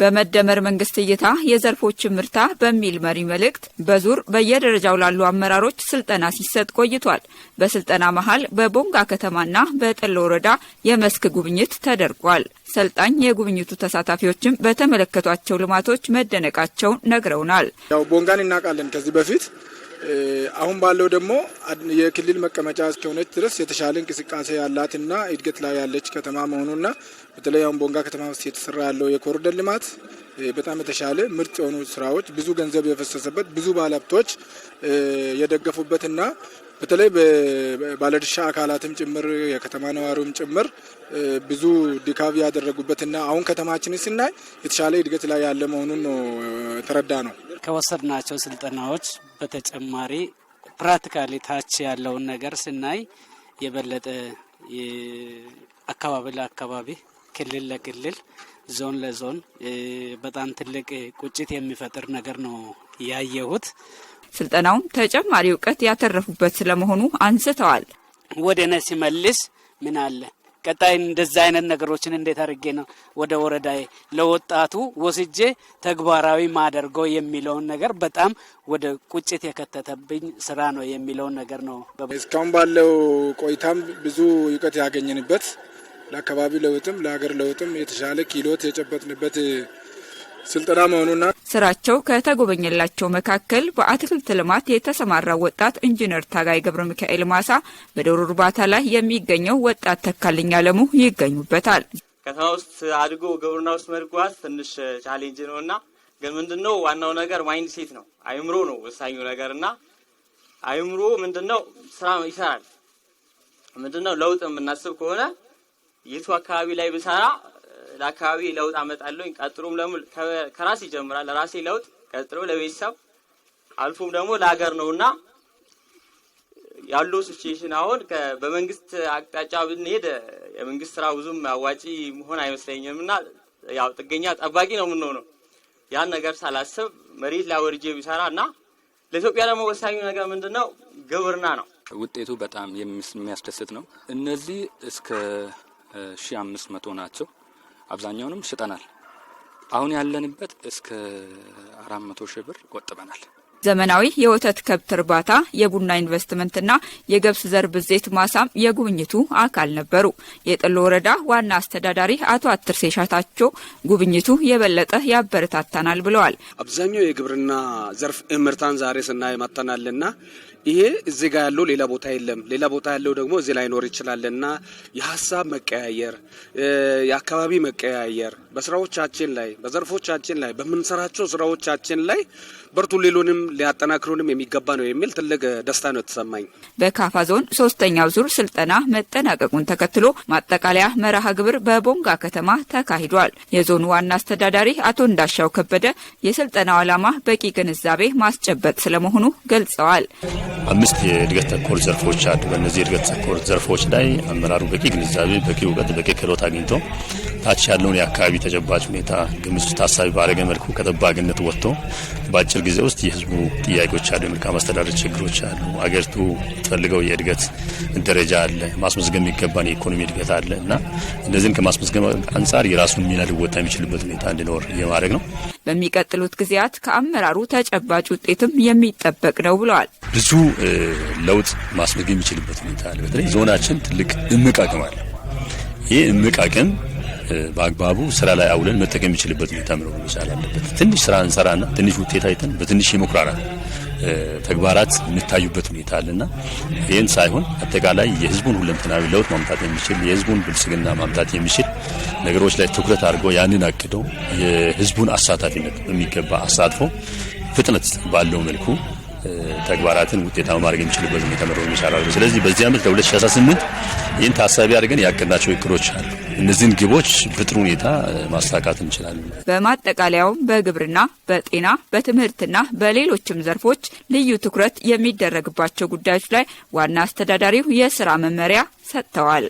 በመደመር መንግስት እይታ የዘርፎችን ምርታ በሚል መሪ መልእክት በዙር በየደረጃው ላሉ አመራሮች ስልጠና ሲሰጥ ቆይቷል። በስልጠና መሀል በቦንጋ ከተማና በጠሎ ወረዳ የመስክ ጉብኝት ተደርጓል። ሰልጣኝ የጉብኝቱ ተሳታፊዎችም በተመለከቷቸው ልማቶች መደነቃቸውን ነግረውናል። ያው ቦንጋን እናውቃለን ከዚህ በፊት አሁን ባለው ደግሞ የክልል መቀመጫ እስከሆነች ድረስ የተሻለ እንቅስቃሴ ያላትና እድገት ላይ ያለች ከተማ መሆኑና በተለይ አሁን ቦንጋ ከተማ ውስጥ የተሰራ ያለው የኮሪደር ልማት በጣም የተሻለ ምርጥ የሆኑ ስራዎች፣ ብዙ ገንዘብ የፈሰሰበት፣ ብዙ ባለሀብቶች የደገፉበትና በተለይ ባለድርሻ አካላትም ጭምር የከተማ ነዋሪውም ጭምር ብዙ ድካብ ያደረጉበትና አሁን ከተማችንን ስናይ የተሻለ እድገት ላይ ያለ መሆኑን ነው ተረዳ ነው። ከወሰድናቸው ስልጠናዎች በተጨማሪ ፕራክቲካሊ ታች ያለውን ነገር ስናይ የበለጠ አካባቢ ለአካባቢ ክልል ለክልል ዞን ለዞን በጣም ትልቅ ቁጭት የሚፈጥር ነገር ነው ያየሁት። ስልጠናውም ተጨማሪ እውቀት ያተረፉበት ስለመሆኑ አንስተዋል። ወደ ነ ሲመልስ ምን አለ ቀጣይ እንደዛ አይነት ነገሮችን እንዴት አድርጌ ነው ወደ ወረዳዬ ለወጣቱ ወስጄ ተግባራዊ ማደርገው የሚለውን ነገር በጣም ወደ ቁጭት የከተተብኝ ስራ ነው የሚለውን ነገር ነው። እስካሁን ባለው ቆይታም ብዙ እውቀት ያገኘንበት ለአካባቢ ለውጥም ለሀገር ለውጥም የተሻለ ኪሎት የጨበጥንበት ስልጠና መሆኑና ስራቸው ከተጎበኘላቸው መካከል በአትክልት ልማት የተሰማራው ወጣት ኢንጂነር ታጋይ ገብረ ሚካኤል ማሳ፣ በዶሮ እርባታ ላይ የሚገኘው ወጣት ተካልኝ አለሙ ይገኙበታል። ከተማ ውስጥ አድጎ ግብርና ውስጥ መድጓት ትንሽ ቻሌንጅ ነው እና ግን ምንድነው ዋናው ነገር ማይንድ ሴት ነው፣ አይምሮ ነው ወሳኙ ነገር እና አይምሮ ምንድነው ስራ ይሰራል። ምንድነው ለውጥ የምናስብ ከሆነ የቱ አካባቢ ላይ ብሰራ ለአካባቢ ለውጥ አመጣለሁኝ፣ ቀጥሎም ከራስ ይጀምራል። ለራሴ ለውጥ ቀጥሎ ለቤተሰብ አልፎም ደግሞ ለሀገር ነውና ያለው ሲቹዌሽን አሁን በመንግስት አቅጣጫ ብንሄድ የመንግስት ስራ ብዙም አዋጪ መሆን አይመስለኝም እና ያው ጥገኛ ጠባቂ ነው የምንሆነው። ያን ነገር ሳላስብ መሬት ላወርጄ ቢሰራ እና ለኢትዮጵያ ደግሞ ወሳኙ ነገር ምንድን ነው? ግብርና ነው። ውጤቱ በጣም የሚያስደስት ነው። እነዚህ እስከ ሺህ አምስት መቶ ናቸው። አብዛኛውንም ሽጠናል። አሁን ያለንበት እስከ አራት መቶ ሺህ ብር ቆጥበናል። ዘመናዊ የወተት ከብት እርባታ፣ የቡና ኢንቨስትመንትና የገብስ ዘር ብዜት ማሳም የጉብኝቱ አካል ነበሩ። የጠሎ ወረዳ ዋና አስተዳዳሪ አቶ አትር ሴሻታቸው ጉብኝቱ የበለጠ ያበረታታናል ብለዋል። አብዛኛው የግብርና ዘርፍ እምርታን ዛሬ ስናይ ማተናልና ይሄ እዚህ ጋር ያለው ሌላ ቦታ የለም፣ ሌላ ቦታ ያለው ደግሞ እዚህ ላይኖር ይችላልና የሀሳብ መቀያየር፣ የአካባቢ መቀያየር በስራዎቻችን ላይ በዘርፎቻችን ላይ በምንሰራቸው ስራዎቻችን ላይ በርቱን ሌሎንም ሊያጠናክሩንም የሚገባ ነው የሚል ትልቅ ደስታ ነው የተሰማኝ። በካፋ ዞን ሶስተኛው ዙር ስልጠና መጠናቀቁን ተከትሎ ማጠቃለያ መርሃ ግብር በቦንጋ ከተማ ተካሂዷል። የዞኑ ዋና አስተዳዳሪ አቶ እንዳሻው ከበደ የስልጠናው ዓላማ በቂ ግንዛቤ ማስጨበጥ ስለመሆኑ ገልጸዋል። አምስት የእድገት ተኮር ዘርፎች አሉ። በእነዚህ የእድገት ተኮር ዘርፎች ላይ አመራሩ በቂ ግንዛቤ፣ በቂ እውቀት፣ በቂ ክህሎት አግኝቶ ታች ያለውን የአካባቢ ተጨባጭ ሁኔታ ግምት ታሳቢ ባረገ መልኩ ከጠባቂነት ወጥቶ በአጭር ጊዜ ውስጥ የህዝቡ ጥያቄዎች አሉ፣ የመልካም አስተዳደር ችግሮች አሉ፣ አገሪቱ ፈልገው የእድገት ደረጃ አለ፣ ማስመዝገብ የሚገባን የኢኮኖሚ እድገት አለ እና እነዚህን ከማስመዝገብ አንጻር የራሱን ሚና ሊወጣ የሚችልበት ሁኔታ እንዲኖር የማድረግ ነው። በሚቀጥሉት ጊዜያት ከአመራሩ ተጨባጭ ውጤትም የሚጠበቅ ነው ብለዋል። ብዙ ለውጥ ማስመዝገብ የሚችልበት ሁኔታ አለ። በተለይ ዞናችን ትልቅ እምቅ አቅም አለ። ይህ እምቅ አቅም በአግባቡ ስራ ላይ አውለን መጠቀም የሚችልበት ሁኔታ ምኖር መቻል አለበት። ትንሽ ስራ እንሰራና ትንሽ ውጤት አይተን በትንሽ የመኩራራት ተግባራት የሚታዩበት ሁኔታ አለና ይህን ሳይሆን አጠቃላይ የህዝቡን ሁለንተናዊ ለውጥ ማምጣት የሚችል የህዝቡን ብልጽግና ማምጣት የሚችል ነገሮች ላይ ትኩረት አድርጎ ያንን አቅደው የህዝቡን አሳታፊነት በሚገባ አሳትፎ ፍጥነት ባለው መልኩ ተግባራትን ውጤታማ ማድረግ የሚችልበት ሁኔታ መኖር ይቻላል። ስለዚህ በዚህ ዓመት ለ2018 ይህን ታሳቢ አድርገን ያቀድናቸው እቅዶች አሉ። እነዚህን ግቦች በጥሩ ሁኔታ ማሳካት እንችላለን። በማጠቃለያውም በግብርና፣ በጤና፣ በትምህርትና በሌሎችም ዘርፎች ልዩ ትኩረት የሚደረግባቸው ጉዳዮች ላይ ዋና አስተዳዳሪው የስራ መመሪያ ሰጥተዋል።